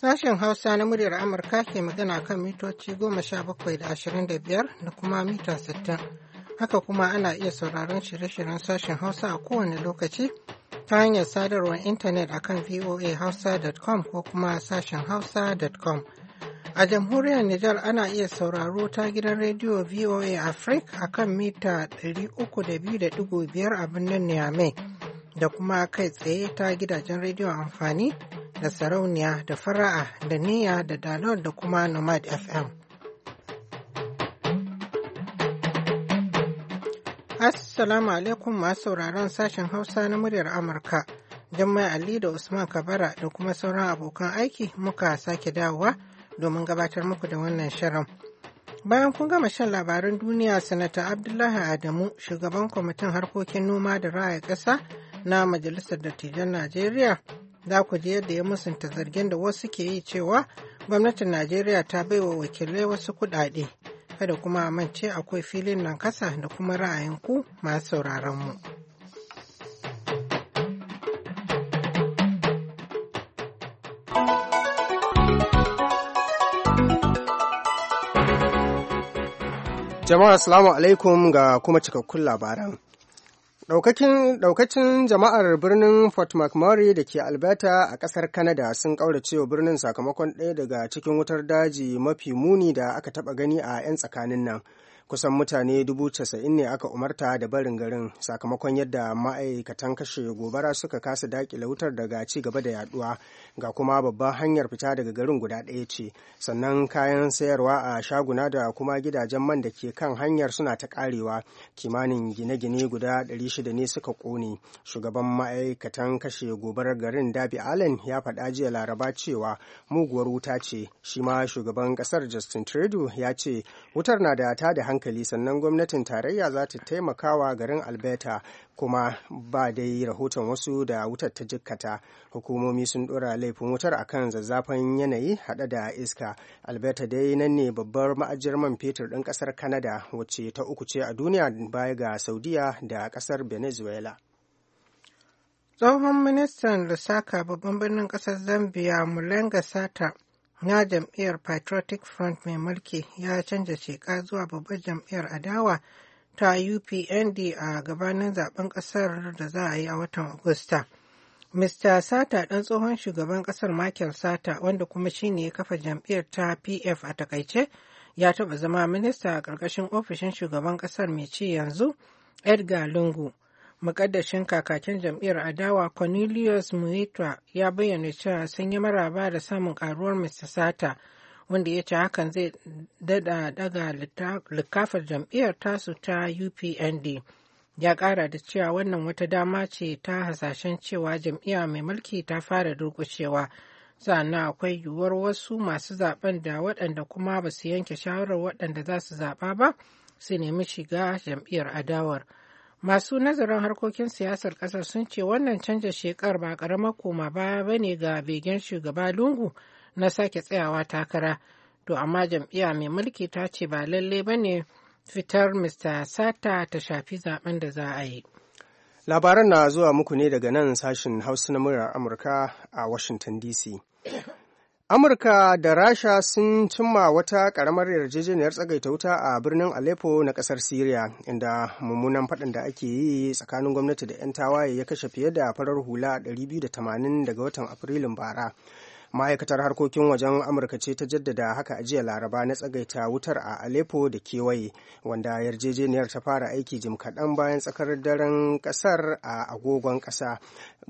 Sashen Hausa na muryar Amurka ke magana kan mitoci goma sha bakwai da ashirin da biyar da kuma mita sittin. Haka kuma ana iya sauraron shirye-shiryen sashen Hausa a kowane lokaci ta hanyar sadarwar intanet akan voahausa.com ko kuma sashen hausa.com. A jamhuriyar Nijar ana iya sauraro ta gidan rediyo VOA Africa a kan mita 302.5 a birnin Niamey da kuma kai tsaye ta gidajen rediyo amfani da sarauniya da fara'a da niyya da dalon da kuma nomad fm assalamu alaikum masu sauraron sashen hausa na muryar amurka Jummai ali da usman kabara da kuma sauran abokan aiki muka sake dawowa domin gabatar muku da wannan shirin bayan kun gama shan labaran duniya sanata abdullahi adamu shugaban kwamitin harkokin noma da raya ƙasa na majalisar dattijan najeriya za ku ji yadda ya musunta zargin da wasu ke yi cewa gwamnatin najeriya ta bai wa wakilai wasu kuɗaɗe kada kuma a mance akwai filin nan kasa da kuma ra'ayinku masu sauraron mu. Jama'a Assalamu alaikum ga kuma cikakkun labaran. Daukacin jama'ar birnin Fort McMurray da ke Alberta a ƙasar Canada sun ƙaurace wa birnin sakamakon ɗaya daga cikin wutar daji mafi muni da aka taɓa gani a 'yan tsakanin nan. kusan mutane dubu casa'in ne aka umarta da barin garin sakamakon yadda ma'aikatan kashe gobara suka kasa dakile wutar daga ci gaba da yaduwa ga kuma babban hanyar fita daga garin guda ɗaya ce sannan kayan sayarwa a shaguna da kuma gidajen man da ke kan hanyar suna ta karewa kimanin gine-gine guda shida ne suka ƙone. shugaban ma'aikatan kashe gobarar garin dabi allen ya faɗa jiya laraba cewa muguwar wuta ce shi ma shugaban ƙasar justin trudeau ya ce wutar na da ta da hankali hankali sannan gwamnatin tarayya za ta taimakawa garin alberta kuma ba dai rahoton wasu da wutar ta jikkata hukumomi sun dora laifin wutar a kan zazzafan yanayi hada da iska alberta dai nan ne babbar ma'ajiyar man fetur din ƙasar canada wacce ta uku ce a duniya baya ga saudiya da ƙasar venezuela tsohon ministan lusaka babban birnin kasar zambia mulenga sata na jam'iyyar patriotic front mai mulki ya canza sheka zuwa babbar jam'iyyar adawa ta upnd a gabanin zaben kasar da za a yi a watan agusta Mista sata ɗan tsohon shugaban kasar michael sata wanda kuma shine ya kafa jam'iyyar ta pf a takaice ya taɓa zama minista a ƙarƙashin ofishin shugaban kasar mai ci yanzu edgar lungu Mukaddashin kakakin jam'iyyar adawa Cornelius Muetra ya bayyana cewa sun yi maraba da samun karuwar Mr. Sata wanda ya ce hakan zai dada daga likafar jam'iyyar tasu ta UPND. Ya kara da cewa wannan wata dama ce ta hasashen cewa jam'iyya mai mulki ta fara durkushewa. sannan akwai yiwuwar wasu masu zaben da waɗanda kuma ba su yanke shawarar waɗanda za su zaɓa ba su nemi shiga jam'iyyar adawar. masu nazarin harkokin siyasar ƙasar sun ce wannan canja shekar ba karamar koma ba ne ga begen shugaba lungu na sake tsayawa takara to amma jam'iyya mai mulki ta ce ba lalle ba ne fitar mr sata ta shafi zaben da za a yi labaran na zuwa muku ne daga nan sashin hausa na murar amurka a washington dc Amurka da Rasha sun cimma wata ƙaramar yarjejeniyar tsagaita wuta a birnin Aleppo na ƙasar Siriya, inda mummunan faɗin da ake yi tsakanin gwamnati da 'yan tawaye ya kashe fiye da farar hula 280 daga watan Afrilun bara. Ma'aikatar harkokin wajen Amurka ce ta jaddada haka a jiya Laraba na tsagaita wutar a Aleppo da kewaye, wanda yarjejeniyar ta fara aiki jim kaɗan bayan tsakar daren ƙasar a agogon ƙasa.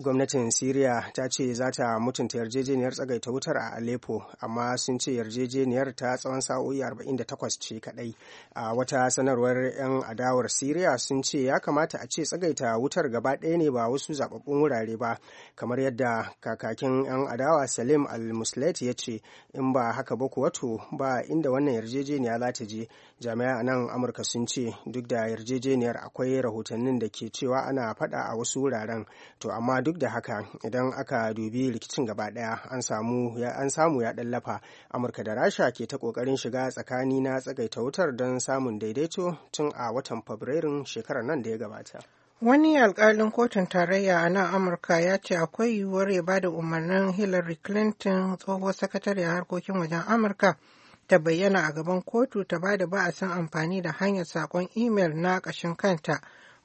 gwamnatin siriya ta ce za ta mutunta yarjejeniyar tsagaita wutar a aleppo amma sun ce yarjejeniyar ta tsawon sa'o'i 48 ce kadai a wata sanarwar 'yan adawar siriya sun ce ya kamata a ce tsagaita wutar gaba ɗaya ne ba wasu zababbun wurare ba kamar yadda kakakin 'yan adawa salim al-muslet ya ce in ba haka ba wato ba inda wannan yarjejeniya za ta je jami'a a nan amurka sun ce duk da yarjejeniyar akwai rahotannin da ke cewa ana faɗa a wasu wuraren to amma duk duk da haka idan aka dubi rikicin gaba daya an samu ya an samu ya dallafa amurka da rasha ke ta kokarin shiga tsakani na tsagaita wutar don samun daidaito tun a watan fabrairun shekarar nan da ya gabata Wani alkalin kotun tarayya a nan Amurka ya ce akwai yiwuwar ya bada umarnin Hillary Clinton tsohuwar sakatare harkokin wajen Amurka ta bayyana a gaban kotu ta bada ba'asin amfani da hanyar sakon imel na kashin kanta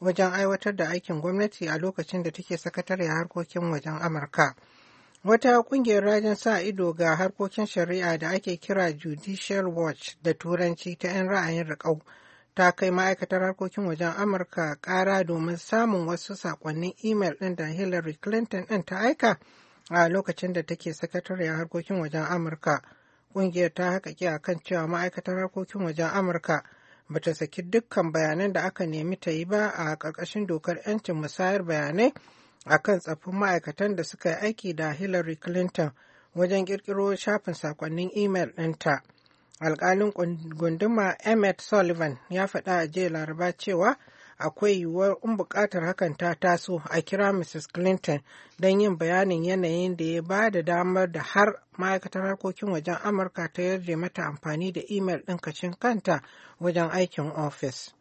wajen aiwatar da aikin gwamnati a lokacin da take sakatare harkokin wajen Amurka. Wata kungiyar rajin sa ido ga harkokin shari'a da ake kira Judicial Watch da Turanci ta 'yan ra'ayin rikau, ta kai ma'aikatar harkokin wajen Amurka ƙara domin samun wasu saƙonnin imel ɗin da Hillary Clinton ɗin ta aika a lokacin da take sakatare harkokin wajen Amurka. Kungiyar ta haƙaƙi a kan cewa ma'aikatar harkokin wajen Amurka ba ta saki dukkan bayanan da aka nemi ta yi ba a ƙarƙashin dokar 'yancin musayar bayanai a kan tsaffin ma'aikatan da suka yi aiki da Hillary Clinton wajen ƙirƙiro shafin sakonnin imel ɗinta. Alƙalin gunduma Emmett Sullivan ya faɗa a jiya Laraba cewa akwai yiwuwar in buƙatar hakan ta taso a kira mrs clinton don yin bayanin yanayin da ya ba da damar da har ma'aikatar harkokin wajen amurka ta yarda mata amfani da imel ɗin kacin kanta wajen aikin ofis.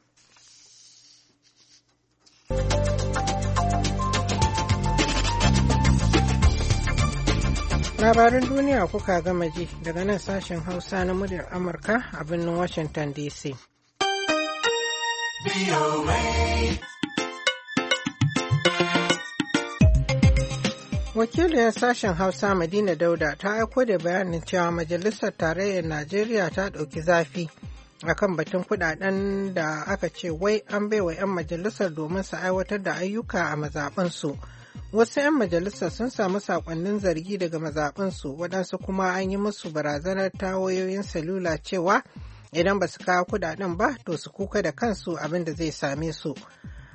labaran duniya kuka gama ji daga nan sashen hausa na muryar amurka a birnin washington dc Wakiliyar sashen Hausa Madina Dauda ta aiko da bayanin cewa Majalisar Tarayyar Najeriya ta ɗauki zafi a kan batun kudaden da aka ce wai an baiwa 'yan majalisar domin su aiwatar da ayyuka a mazaɓinsu. Wasu 'yan majalisar sun samu saƙonnin zargi daga mazaɓinsu waɗansu kuma an yi musu barazanar tawayoyin salula cewa idan ba su kawo kudaden ba to su kuka da kansu abin da zai same su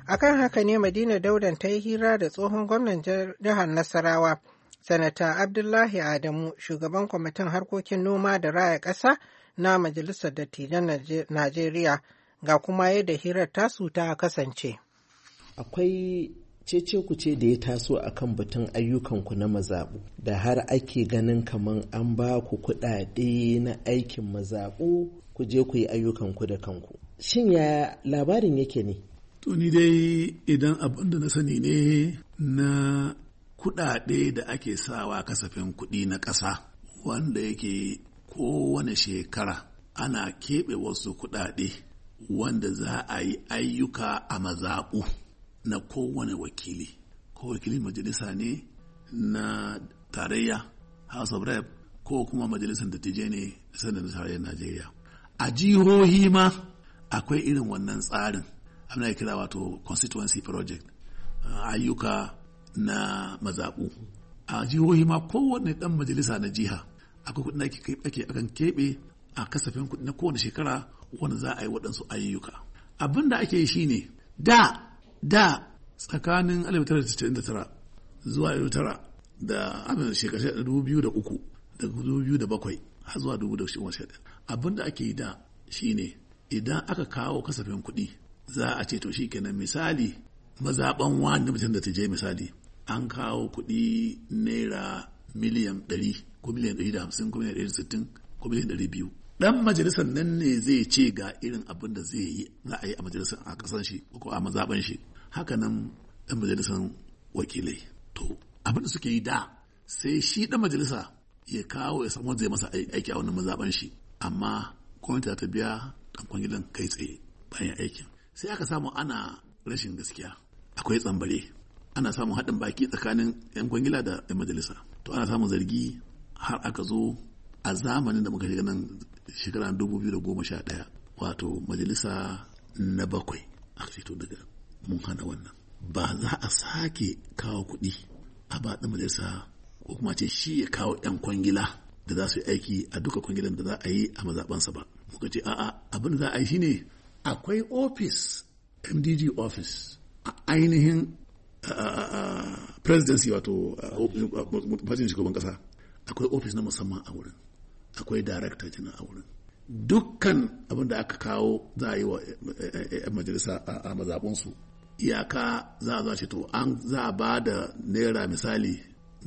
akan haka ne madina daudan ta yi hira da tsohon gwamnan jihar nasarawa sanata abdullahi adamu shugaban kwamitin harkokin noma da raya ƙasa na majalisar dattijan najeriya ga kuma yadda hirar tasu ta kasance akwai cece ce da ya taso a kan batun ayyukanku na mazaɓu da har ake ganin kaman an ba ku kuɗaɗe na aikin mazaɓu ku je ku yi ayyukanku da kanku shin ya labarin yake ne to ni dai idan abin da na sani ne na kuɗaɗe da ake sawa kasafin kuɗi na ƙasa wanda yake kowane shekara ana keɓe wasu kuɗaɗe wanda za a yi ayyuka a mazaɓu na kowane wakili ko wakilin majalisa ne na tarayya house of rep ko kuma majalisar dattijai ne sanar da tarayyar najeriya a jihohi ma akwai irin wannan tsarin abin da kira wato constituency project uh, ayyuka na mazaɓu a jihohi ma kowane ɗan majalisa na jiha akwai kuɗin da ake akan keɓe a kasafin kuɗi na kowane shekara wanda za a yi waɗansu ayyuka abin da ake yi shine da da tsakanin 1999 zuwa 2009 da abin shekarar 2003 da 2007 har zuwa 2011 abin da ake yi da shine idan aka kawo kasafin kuɗi za a ce to shi kenan misali mazaɓan wani mutum da ta je misali an kawo kuɗi naira miliyan ɗari ko miliyan ɗari da hamsin ko miliyan ɗari sittin ko miliyan ɗari biyu Ɗan majalisar nan ne zai ce ga irin abin da zai yi za a yi a majalisar a ƙasar shi ko a mazaɓan shi haka nan ɗan majalisar wakilai to abin da suke yi da sai shi ɗan majalisa ya kawo ya samu zai masa aiki a wani mazaɓan shi amma gwamnati ta biya dan kwangilan kai tsaye bayan aikin sai aka samu ana rashin gaskiya akwai tsambare ana samun haɗin baki tsakanin 'yan kwangila da 'yan majalisa to ana samun zargi har aka zo a zamanin da muka shiga nan shekara 2011 wato majalisa na bakwai a to daga mun hana wannan ba za a sake kawo kuɗi a ba majalisa ko kuma ce shi ya kawo 'yan kwangila da za su yi aiki a duka kungiyar da za a yi a mazaɓansa ba muka ce a'a abin da za a yi ne. akwai ofis. mdg office a ainihin presidency wato fashin shugaban kasa akwai office na musamman a wurin akwai director jina a wurin dukkan abin da aka kawo za a yi wa eh, eh, eh, majalisa a mazaɓunsu iyaka za a to an za a ba da naira misali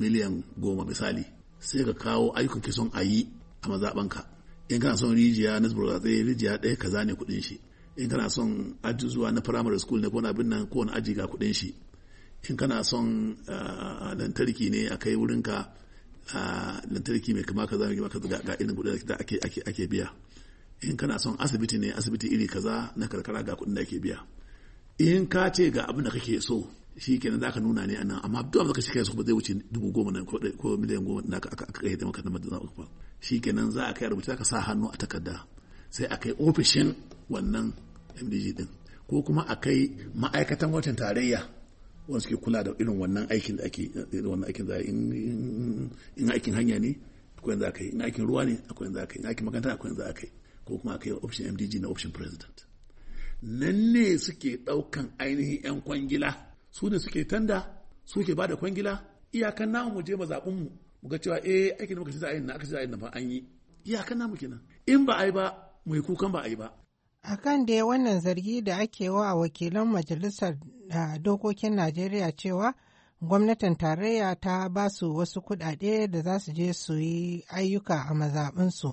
miliyan goma misali sai ka kawo ayyukan ke son a yi a mazaɓanka in kana son rijiya na zubar da tsaye rijiya ɗaya kaza ne kuɗin shi in kana son aji zuwa na primary school ne ko na abin nan ko wani aji ga kuɗin shi in kana son ah, lantarki ne a kai wurin ka ah, lantarki mai kama kaza mai kama kaza ga irin kuɗin da ake biya in kana son asibiti ne asibiti iri kaza na karkara ga kuɗin da ake biya in ka ce ga abin da kake so shi kenan za ka nuna ne a nan amma duk abin da ka kai su ba zai wuce dubu goma na ko miliyan goma na aka kai da makarantar madina ba shi kenan za a kai rubuta ka sa hannu a takarda sai a kai ofishin wannan mdg din ko kuma a kai ma'aikatan wajen tarayya wanda suke kula da irin wannan aikin da ake wannan aikin za a in aikin hanya ne akwai za a kai in aikin ruwa ne akwai za a kai in aikin makaranta akwai za a kai ko kuma a kai ofishin mdg na ofishin president nan ne suke daukan ainihin yan kwangila su ne suke tanda suke ba da kwangila iyakan namu mu je mazaɓinmu. mu mu ga cewa eh aikin da muka ci za a yi na aka ci za a yi na fa an yi iyakan namu kenan in ba a yi ba mu yi kukan ba a yi ba akan da wannan zargi da ake wa wakilan majalisar dokokin najeriya cewa gwamnatin tarayya ta ba su wasu kudade da za su je su yi ayyuka a mazaɓinsu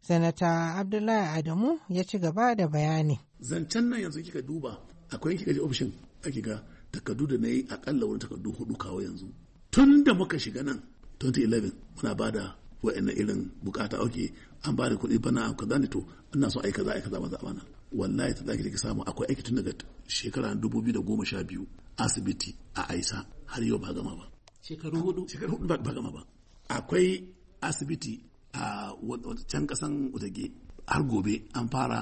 sanata abdullahi adamu ya ci gaba da bayani zancen nan yanzu kika duba akwai kika je ofishin ake ga takardu da na yi akalla wani takardu hudu kawo yanzu tun da muka shiga nan 2011 muna ba da wa'annan irin bukata oke an ba da kuɗi bana kaza ne to ina so aika za aika za maza amana wallahi ta zaki da samu akwai aiki tun daga shekara 2012 asibiti a aisa har yau ba gama ba shekaru hudu shekaru hudu ba gama ba akwai asibiti a can kasan utage har gobe an fara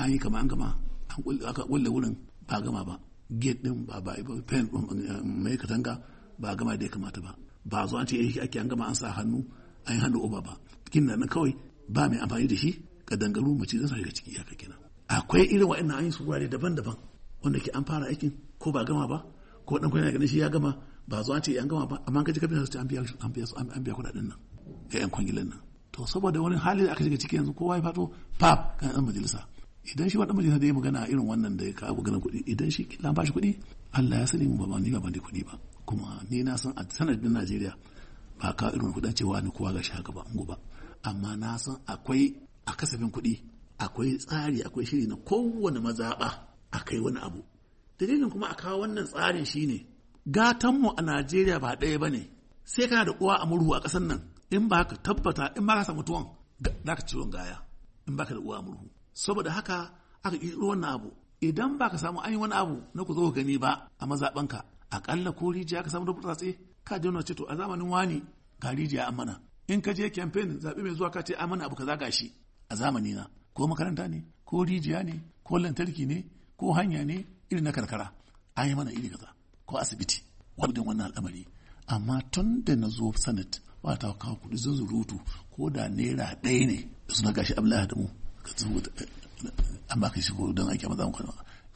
an yi kama an kama an kulle wurin ba gama ba gate din ba ba pen um, um, mai katanga ba gama da ya kamata ba ba zo an ce eh ake an gama an sa hannu an yi hannu uba ba kin nan kawai ba mai amfani da shi ka dangaru mace zan shiga ciki haka kenan akwai irin wa'annan an yi su wurare daban-daban wanda ke an fara aikin ko ba gama ba ko dan kwana ganin shi ya gama ba zo an ce an gama ba amma kaji kafin su an biya an biya an biya kudaden nan ga yan kwangilan nan to saboda wani hali da aka shiga ciki yanzu kowa ya fato pap kan dan majalisa idan shi wadda majalisa da ya magana irin wannan da ya kawo gana kuɗi idan shi kila ba shi kuɗi Allah ya sani ba ni ba ba kuɗi ba kuma ni na san a sanadin Najeriya ba ka irin kuɗin cewa ni kowa ga shi haka ba ungu ba amma na san akwai a kasafin kuɗi akwai tsari akwai shiri na kowane mazaɓa a kai wani abu dalilin kuma a kawo wannan tsarin shi shine gatanmu a Najeriya ba ɗaya ba ne sai kana da uwa a murhu a ƙasar nan in ba ka tabbata in ba ka samu tuwon za ka ciwon gaya in ba ka da uwa a murhu saboda haka aka ƙirƙiro wannan abu idan ba ka samu ainihin wani abu na ku zo gani ba a mazaɓanka aƙalla ko rijiya ka samu rubuta tsaye ka je ce to a zamanin wani ga rijiya an mana in ka je campaign zaɓe mai zuwa ka ce mana abu kaza gashi a zamani na ko makaranta ne ko rijiya ne ko lantarki ne ko hanya ne irin na karkara an yi mana iri kaza ko asibiti wadin wannan al'amari amma tun da na zo senate ba ta kawo kuɗi zan zurutu ko da naira ɗaya ne su na gashi abdullahi da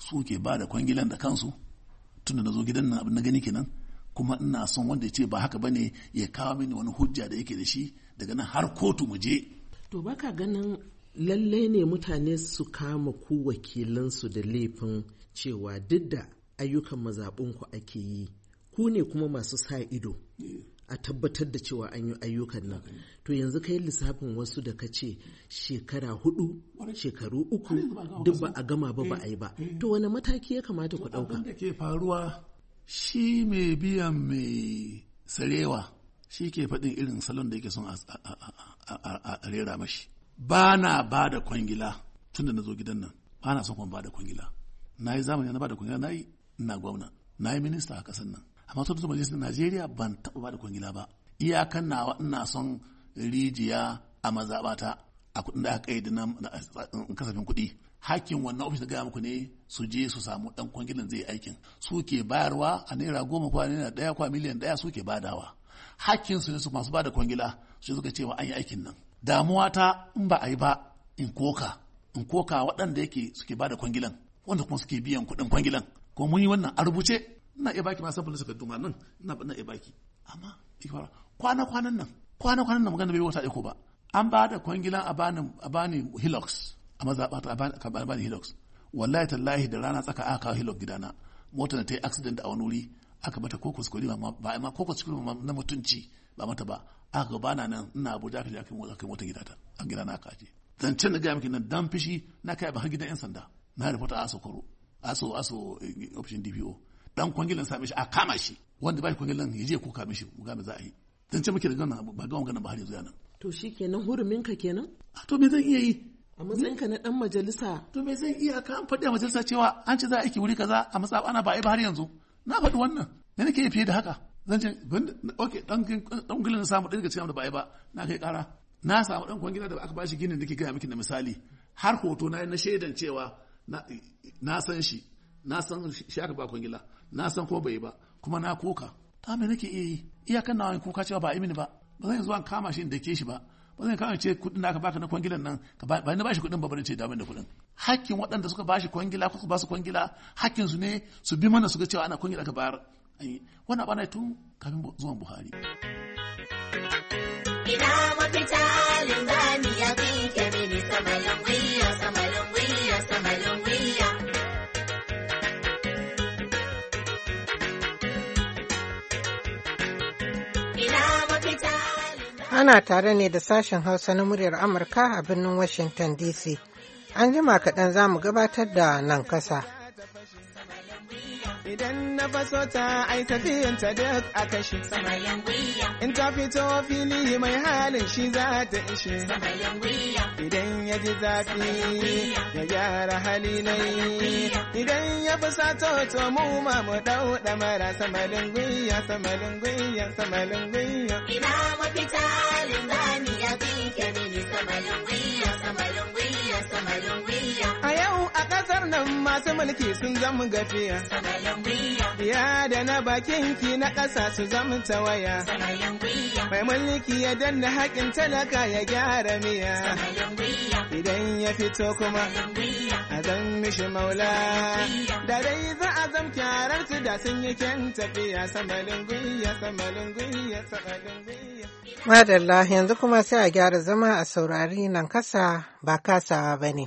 su ke ba da kwangilan da kansu tunda na zo gidan nan abin na gani kenan kuma ina son wanda ya ce ba haka bane ya kawo mini wani hujja da yake da shi daga nan har kotu mu je to baka ganin lallai ne mutane su kama ku wakilansu da laifin cewa duk da ayyukan mazaɓunku ake yi ku ne kuma masu sa ido eh. a tabbatar da cewa an yi ayyukan nan to yanzu kai lissafin wasu da ka ce shekara hudu shekaru uku duk ba a gama ba ba eh, a yi ba eh. to wani mataki ya kamata ku ɗauka da ke faruwa shi mai biyan mai sarewa shi ke faɗin irin salon da yake son a rera mashi ba na ba da kwangila tun da na zo gidan nan ba na son kuma ba da kwangila na yi zamani na ba da kwangila na yi na gwamna na yi minista a ƙasar nan amma sun zama majalisar najeriya ban taɓa ba da kwangila ba iyakan nawa ina son rijiya a mazaɓata a kuɗin da aka yi na kasafin kuɗi hakkin wannan ofis da gaya muku ne su je su samu ɗan kwangilan zai aikin su ke bayarwa a naira goma kwa naira ɗaya kwa miliyan ɗaya su ke badawa hakkin su ne su masu bada kwangila su suka cewa an yi aikin nan damuwa ta in ba a yi ba in koka in koka waɗanda yake suke bada kwangilan wanda kuma suke biyan kuɗin kwangilan ko mun yi wannan a rubuce ina iya baki ma sabon da suka nan ina ina iya baki amma ikwara kwana kwanan nan kwana kwanan nan magana bai wata iko ba an ba da kwangilan a bani a bani hilox a mazaɓa ta a bani hilox wallahi tallahi da rana tsaka aka hilox gidana mota na ta yi accident a wani wuri aka bata ko kuskure ba ma ko kuskure na mutunci ba mata ba aka bana nan ina abuja ka je aka yi mota gidata a gidana aka dan can da gaya miki nan dan fishi na kai ba har gidan yan sanda na rubuta a sokoro aso aso eh, option dpo dan kwangilan same shi a kama shi wanda ba shi kwangilan ya je ko kame shi mu game za a yi dan ce muke da gana ba ga gana ba har yanzu yana to shikenan hurumin ka kenan to me zan iya yi a matsayin ka na dan majalisa to me zan iya ka an faɗi a majalisa cewa an ce za a aiki wuri kaza a matsa ana ba a ba har yanzu na faɗi wannan me nake fiye da haka zan ce ok dan kwangilan na samu ɗaya daga cikin da ba a ba na kai ƙara na samu dan kwangila da aka bashi ginin da ke gaya miki na misali har hoto na na shaidan cewa na san shi na san shi aka ba kwangila na san ko bai ba kuma na koka ta me nake iya yi iyakan na wani kuka cewa ba imini ba ba zan zuwa kama shi da ke shi ba ba zan kama ce kudin da aka baka na kwangilan nan ba ni shi kudin ba bari ce damin da kudin hakkin waɗanda suka bashi kwangila ko ba su kwangila hakkin su ne su bi mana su ga cewa ana kwangila ka bayar wannan bana tun kafin zuwan Buhari ina mafita Ana tare ne da sashen Hausa na muryar Amurka a birnin Washington DC. An jima kaɗan za mu gabatar da nan kasa. Idan na faso ta ai tafiyan ta duk a kashe. In ta fito fili mai halin shi za ta ishe. Idan ya ji zafi ya gyara hali na yi. Idan ya fi sato to mu ma mu dau damara samalin gwiya samalin gwiya samalin gwiya. Ina mafita linzami ya bi ke mini samalin gwiya. nan masu mulki sun zama gafiya. Ya da na bakin ki na ƙasa su zama tawaya. Mai mulki ya danna haƙin talaka ya gyara miya. Idan ya fito kuma a zan mishi maula. Da dai za a zam kyarar su da sun yi kyan tafiya. Samalin gwiya, samalin gwiya, samalin gwiya. Madalla yanzu kuma sai a gyara zama a saurari nan kasa ba kasawa ba ne.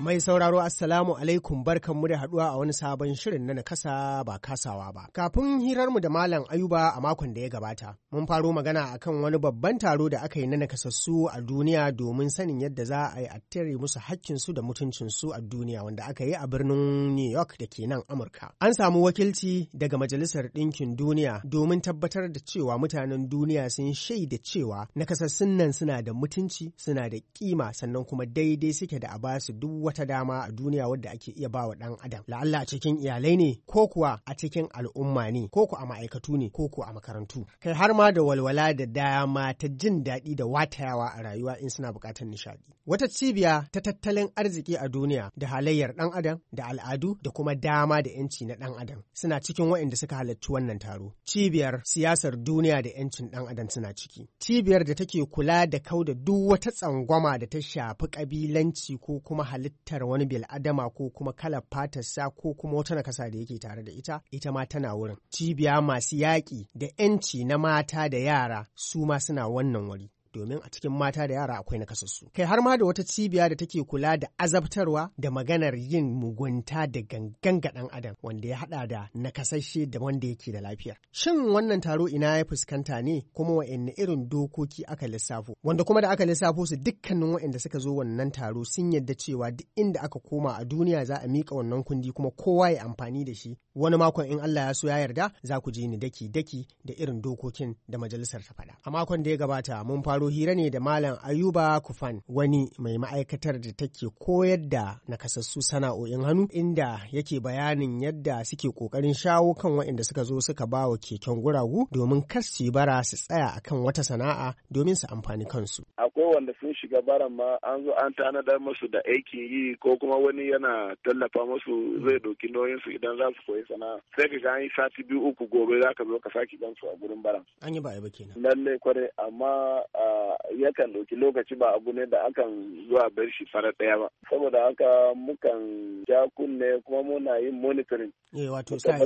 Mai sauraro Assalamu alaikum barkanmu da haɗuwa a wani sabon shirin na nakasa ba kasawa ba. Kafin hirarmu da Malam Ayuba a makon da ya gabata, mun faro magana akan wani babban taro da aka yi na nakasassu a duniya domin sanin yadda za a yi a tare musu hakkinsu da mutuncinsu a duniya wanda aka yi a birnin New York da ke nan Amurka. An samu wakilci daga Majalisar Ɗinkin Duniya domin tabbatar da cewa mutanen duniya sun shaida cewa nakasassun nan suna da mutunci, suna da kima sannan kuma daidai suke da a basu duk wata dama a duniya wadda ake iya bawa ɗan adam la'alla cikin iyalai ne ko kuwa a cikin al'umma ne ko kuwa a ma'aikatu ne ko kuwa a makarantu kai har ma da walwala da dama ta jin daɗi da watayawa a rayuwa in suna buƙatar nishaɗi wata cibiya ta tattalin arziki a duniya da halayyar ɗan adam da al'adu da kuma dama da yanci na ɗan adam suna cikin waɗanda suka halarci wannan taro cibiyar siyasar duniya da yancin ɗan adam suna ciki cibiyar da take kula da kau da duk wata tsangwama da ta shafi ƙabilanci ko kuma halitta halittar wani bil'adama ko kuma kalar fatarsa ko kuma wata nakasa da yake tare da ita ita ma tana wurin cibiya masu yaƙi da 'yanci na mata da yara su ma suna wannan wuri domin a cikin mata da yara akwai nakasassu. Kai har ma da wata cibiya da take kula da azabtarwa da maganar yin mugunta da gangan ga ɗan adam wanda ya haɗa da nakasashe da wanda yake da lafiya. Shin wannan taro ina ya fuskanta ne kuma wa'anne irin dokoki aka lissafo wanda kuma da aka lissafo su dukkanin wa'anda suka zo wannan taro sun yadda cewa duk inda aka koma a duniya za a mika wannan kundi kuma kowa ya amfani da shi wani makon in Allah ya so ya yarda za ku ji ni daki daki da irin dokokin da majalisar ta faɗa. A makon da ya gabata mun faro sauraro hira ne da Malam Ayuba Kufan wani mai ma'aikatar da take koyar da nakasassu sana'o'in hannu inda yake bayanin yadda suke kokarin shawo kan waɗanda suka zo suka ba wa keken guragu domin kar su bara su tsaya akan wata sana'a domin su amfani kansu. akwai sun shiga baran ma an zo an tanadar musu da aikin yi ko kuma wani yana tallafa masu zai ɗauki su idan za su koyi sana'a sai ka ga an yi sati biyu uku gobe za ka zo ka saki gansu a gurin baran. An yi ba ba kenan. Lallai kwarai amma yakan ɗauki lokaci ba abu ne da akan zuwa bar shi fara ɗaya ba. Saboda haka mukan ja kunne kuma muna yin monitoring eh wato sa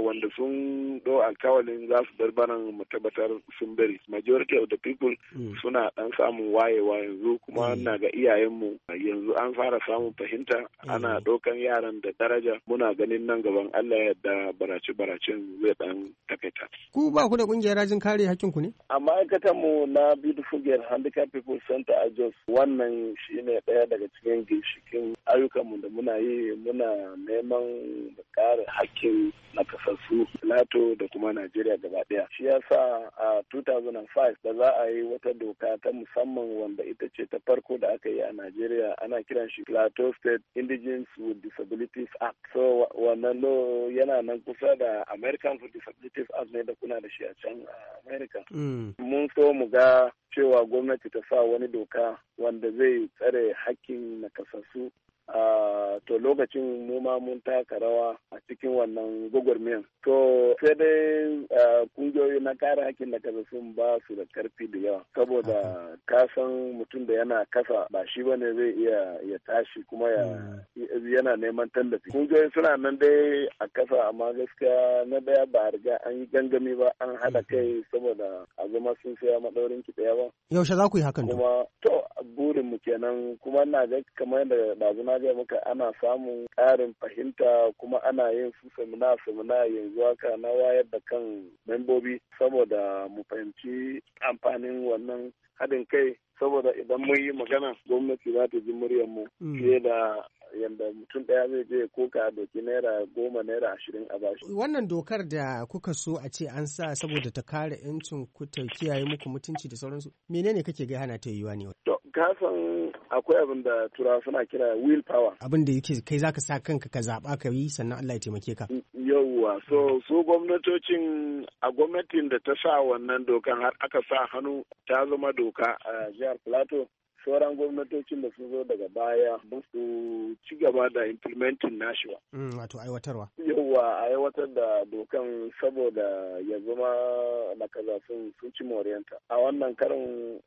wanda sun do alkawalin za su bar baran mu tabbatar sun bari majority of the people mm. suna dan samun wayewa yanzu kuma mm. na ga iyayenmu yanzu an fara samun fahimta mm. ana dokan yaran da daraja muna ganin nan gaban Allah yadda barace baracen zai dan takaita ku ba ku da kungiyar rajin kare hakkin ku ne Amma aikatan mu na beautiful girl handicap people center a Jos wannan shine daya daga cikin ginshikin ayyukan mu da muna yi muna neman da kare hakkin nakasassu nato da kuma najeriya gaba daya shi yasa a 2005 da za a yi wata doka ta musamman wanda ita ce ta farko da aka yi a najeriya ana kiran shi plateau state indigenes with disabilities act so wannan lo yana nan kusa da american with disabilities act ne da kuna da shi a can america mm. mun so mu ga cewa gwamnati ta sa wani doka wanda zai tsare hakkin nakasassu Ah, to lokacin mu ma mun taka rawa a cikin wannan gwagwarmiyar. To sai dai ah, kungiyoyi na kare hakkin da kasa sun ba su da karfi da yawa saboda ka san mutum da yana kasa ba shi bane zai iya ya tashi kuma yana neman tallafi. Kungiyoyi suna nan dai a kasa amma gaskiya na daya ba a riga an yi gangami ba an haɗa kai saboda a zama sun saya maɗaurin ki ɗaya ba. Yaushe za ku yi hakan? Kuma to burin mu kenan kuma na ga kamar da ɗazuna gaya maka ana samun ƙarin fahimta kuma ana yin su semina semina yanzu haka na wayar da kan membobi saboda mu fahimci amfanin wannan haɗin kai saboda idan mun yi magana gwamnati za ta ji muryar mu. Mm. fiye da yadda mutum ɗaya zai je koka a doki naira goma naira ashirin a bashi. Wannan dokar da kuka so a ce an sa saboda ta kare 'yancin ku kiyaye muku mutunci da sauransu menene kake ga hana ta yiwuwa ne? To kasan akwai abin da turawa suna kira will power abin da yake kai zaka sa kanka ka zaba ka yi sannan Allah ya taimake ka yauwa so su gwamnatocin a gwamnatin da ta sa wannan dokan har aka sa hannu ta zama doka a jihar plateau sauran gwamnatocin da sun zo daga baya su ci gaba da implementing nashi mm, Wato aiwatarwa. Yawwa aiwatar da dokan saboda ya zama kaza sun ci moriyanta. A wannan karin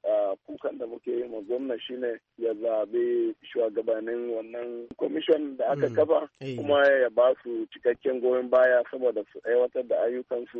kukan da muke yi ma gwamna shine ya zabe shugabannin wannan commission da aka mm, kafa eh. kuma ya ba su cikakken goyon baya saboda su aiwatar da ayyukansu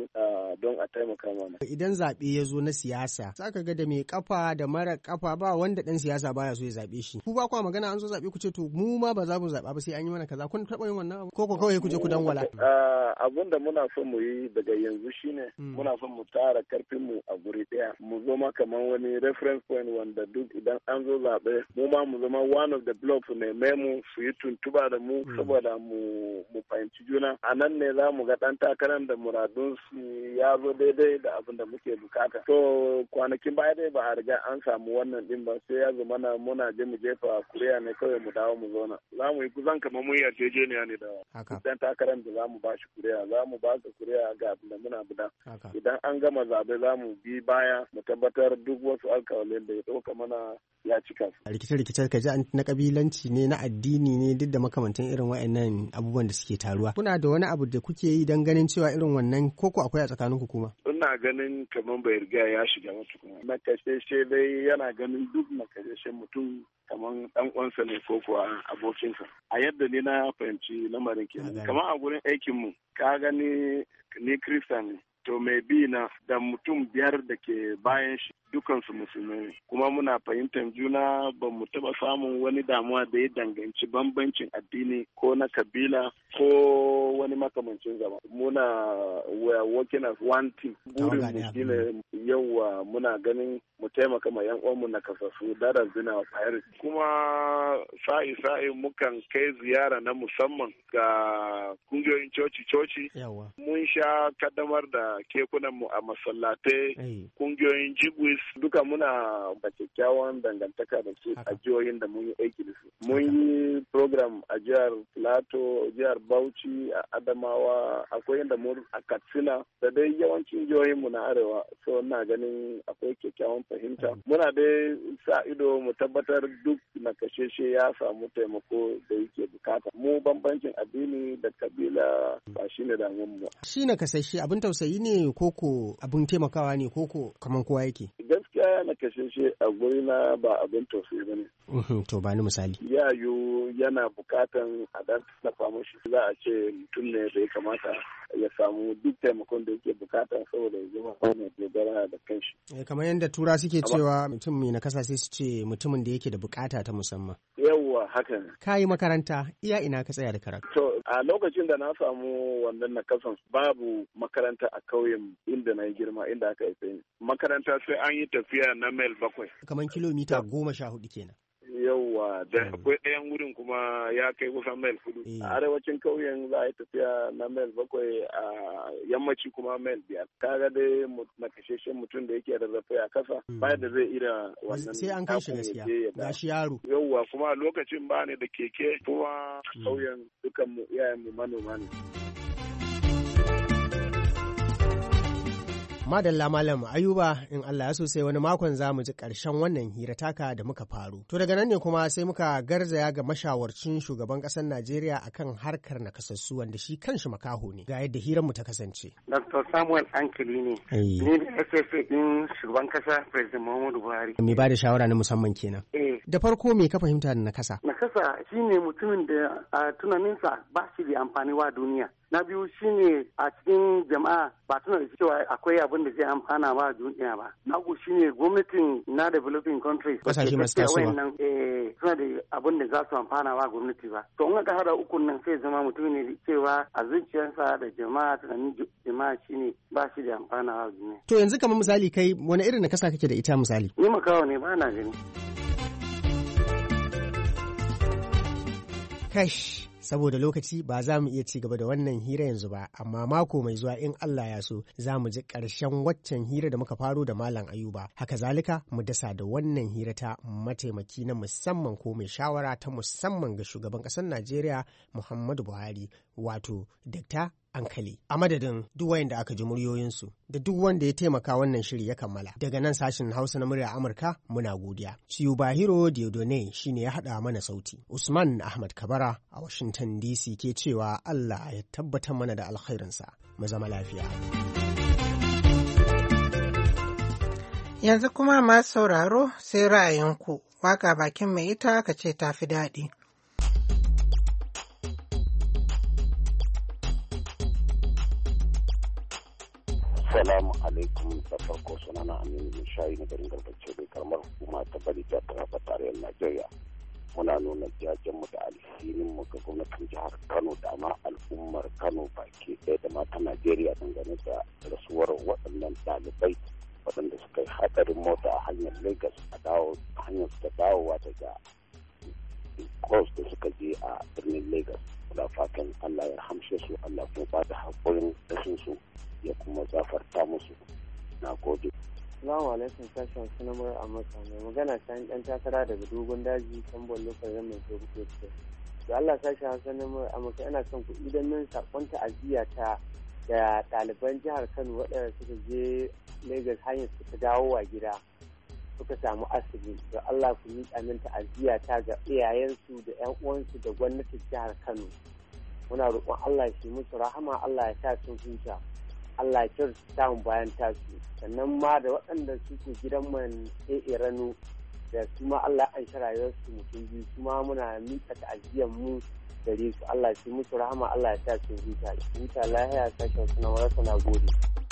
don a taimaka mana. Idan zaɓe ya zo na siyasa, za ga da mai kafa da mara kafa ba wanda ɗan siyasa baya so ya zabe shi ku ba kwa magana an zo zabe ku ce to mu ma ba za mu zaba ba sai an yi mana kaza kun taba yin wannan ko ko kawai ku je ku wala. Eh, abun da muna so mu yi daga yanzu shine hmm. muna so mu tara karfin mu a guri daya mu ma kaman wani reference point wanda duk idan an zo zabe mu ma mu zama one of the blocks ne mu su yi tuntuba da mu hmm. saboda mu mu fahimci juna a nan ne za mu ga dan takarar da muradun su ya zo daidai da abin da muke bukata to kwanakin baya dai ba a riga an samu wannan din ba sai ya mana muna je mu jefa kuriya ne kawai mu dawo mu zauna za mu yi kusan kamar mun yarjejeniya ne da dan takarar da za mu ba shi kuriya za mu ba su kuriya ga abin da muna buda idan an gama zabe za mu bi baya mu tabbatar duk wasu alkawalin da ya dauka mana ya cika su. rikice-rikice ka ji na kabilanci ne na addini ne duk da makamantan irin wa'annan abubuwan da suke taruwa kuna da wani abu da kuke yi dan ganin cewa irin wannan koko akwai a tsakaninku kuma. ina ganin kamar bai riga ya shiga wata kuma. Makashe dai yana ganin duk makashe ƙasashen mutum kamar dan uwansa ne ko kuwa abokinsa a yadda ni na fahimci lamarin ke kamar a gurin aikin mu ka gani ni kristan ne to mai bi na da mutum biyar da ke bayan shi dukansu musulmai ne kuma muna fahimtar juna ba mu taɓa samun wani damuwa da ya danganci bambancin addini ko na kabila ko wani makamancin zama muna we working as one team burin mu shine yawa muna ganin mu taimaka ma yan uwanmu na kasasu dada zina priority kuma sa'i sa'i mukan kai ziyara na musamman ga kungiyoyin coci coci mun sha kaddamar da kekunan mu a masallatai kungiyoyin jibwis duka muna ba kyakkyawan dangantaka da su a jihohin da mun yi aiki da su mun yi program a jihar plato jihar bauchi a adamawa akwai yadda mun a katsina da dai yawancin jihohin mu na arewa so na ganin akwai kyakkyawan fahimta muna dai sa ido mu tabbatar duk shi ya samu taimako da yake bukata mu bambancin addini da kabila ba shi ne damuwar mu shi nakasheshe abin tausayi ne koko abin taimakawa ne koko kamar kowa yake gaskiya na shi a guri na ba abin tausayi ba ne uhm, to ba ni misali ya yana bukatan a dan tallafa mushi za a ce mutum ne da ya kamata ya samu duk taimakon da yake bukata saboda ya zama kwanar dogara da kanshi. Eh, kamar yadda tura suke cewa mutum mai nakasa sai su ce mutumin da yake da bukata ta musamman. yawwa hakan. ka yi makaranta iya ina ka tsaya da karatu. to a lokacin da na samu wannan nakasan babu makaranta a kauyen inda na yi girma inda aka yi ni makaranta sai an yi tafiya na mil bakwai. kamar kilomita goma sha hudu kenan. yauwa da hmm. akwai ɗayan wurin kuma ya kai kusan mail hudu eh. a arewacin kauyen za a yi tafiya na mail bakwai a yammaci kuma mail biyar kaga dai makasheshen mutum da yake rarrafe a kasa hmm. ba da zai ira wannan sai an yaro kuma lokacin ba ne da keke kuma kauyen hmm. dukan mu iyayen mu manoma ne Madalla Malam Ayuba in Allah ya so sai wani makon za mu ji ƙarshen wannan hira taka da muka faru. To daga nan ne kuma sai muka garzaya ga mashawarcin shugaban ƙasar Najeriya akan harkar nakasassu wanda shi kanshi makaho ne ga yadda mu ta kasance. Dr. Samuel Ankili ne. Eh. Ni da SSA din shugaban ƙasa President Muhammadu Buhari. Me ba da shawara na musamman kenan. Eh. Da farko me ka fahimta da nakasa? Nakasa shine mutumin da tunaninsa ba shi da amfani wa duniya. na biyu shine a cikin jama'a ba tana da cewa akwai abin da zai amfana ba duniya ba na uku shine gwamnatin na developing countries kasashe masu tasowa eh, suna da abin da za su amfana ba gwamnati ba to in aka hada ukun nan sai zama mutum ne cewa a zuciyarsa da jama'a tunanin jama'a shine ba shi da amfana ba duniya to yanzu kamar misali kai wani irin na kasa kake da ita misali ni makawa ne ba na gani kash saboda lokaci ba za mu iya ci gaba da wannan hira yanzu ba amma mako mai zuwa in Allah ya so za mu ji ƙarshen waccan hira da muka faro da Malam Ayuba haka zalika mu dasa da wannan hira ta mataimaki na musamman ko mai shawara ta musamman ga shugaban ƙasar Najeriya Muhammadu Buhari wato Dr. hankali a madadin duk wayanda aka ji muryoyinsu da duk wanda ya taimaka wannan shiri ya kammala daga nan sashen hausa na murya amurka muna godiya bahiro diodone shine ya haɗa mana sauti usman ahmad kabara a washington dc ke cewa allah ya tabbatar mana da alkhairinsa mu zama lafiya yanzu kuma masu sauraro sai ra'ayinku waka bakin mai ita ka ce tafi daɗi Assalamu alaikum da farko sunana Aminu Bin Shayi na garin Garbace bai karmar hukuma ta bari ta tarafa tarayyar Najeriya. Muna nuna jajen mu da alhinin mu ga gwamnatin jihar Kano da ma al'ummar Kano baki ɗaya da mata Najeriya dangane da rasuwar waɗannan ɗalibai waɗanda suka yi haɗarin mota a hanyar Lagos a dawo hanyar su ta dawowa daga Kos da suka je a birnin Lagos. da fatan Allah ya hamshe su Allah kuma ba da haƙurin rashin su ya kuma zafarta musu na gode. Salamu alaikum sashen suna mura a masa mai magana ta ɗan takara daga dogon daji tambon lokacin yamma ke ce. Da Allah sashen hausa na mura a masa yana son kuɗi don nan saƙon ta'aziyya ta da ɗaliban jihar Kano waɗanda suka je Lagos hanyar suka dawo wa gida. suka samu asibi da Allah ku yi amin ajiya ta ga iyayensu da yan uwansu da gwamnatin jihar Kano muna roƙon Allah shi musu rahama Allah ya sa sun huta Allah ya kyautu bayan tasu sannan ma da waɗanda suke gidan man ranu da su ma Allah an shi rayuwarsu mutum biyu su ma muna miƙa ta'aziyyar mu gare su Allah shi musu rahama Allah ya sa sun huta huta lahiya sashen wani na gode.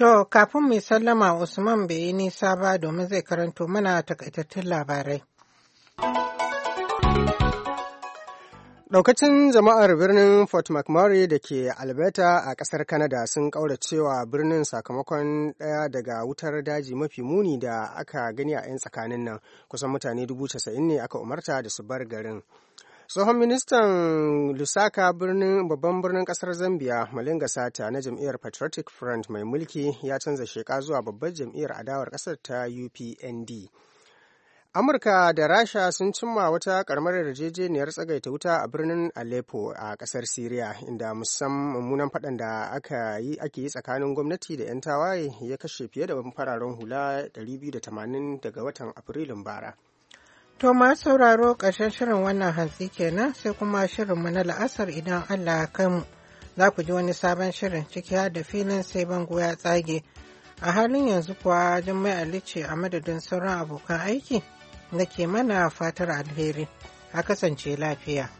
To, kafin mai sallama Usman bai yi nisa ba domin zai karanto mana takaitattun labarai. Daukacin jama'ar birnin Fort McMurray da ke Alberta a ƙasar Canada sun ƙauracewa birnin sakamakon ɗaya daga wutar daji mafi muni da aka gani a 'yan tsakanin nan kusan mutane dubu ne aka umarta da su bar garin. tsohon ministan lusaka birnin babban birnin kasar zambia malinga sata na jam'iyyar patriotic front mai mulki ya canza sheka zuwa babbar jam'iyyar adawar kasar ta upnd amurka da rasha sun cimma wata karamar yarjejeniyar tsagaita wuta a birnin aleppo a kasar syria inda musamman mummunan faɗan da aka yi ake yi tsakanin gwamnati da 'yan tawaye ya kashe fiye da fararen hula 280 daga watan afrilun bara To ma sauraro ƙarshen shirin wannan hantsi kenan sai kuma shirinmu na la'asar idan Allah ya kai mu. Za ku ji wani sabon shirin ciki har da filin sai bango ya tsage. A halin yanzu kuwa Jummai Ali ce a madadin sauran abokan aiki da ke mana fatar alheri. A kasance lafiya.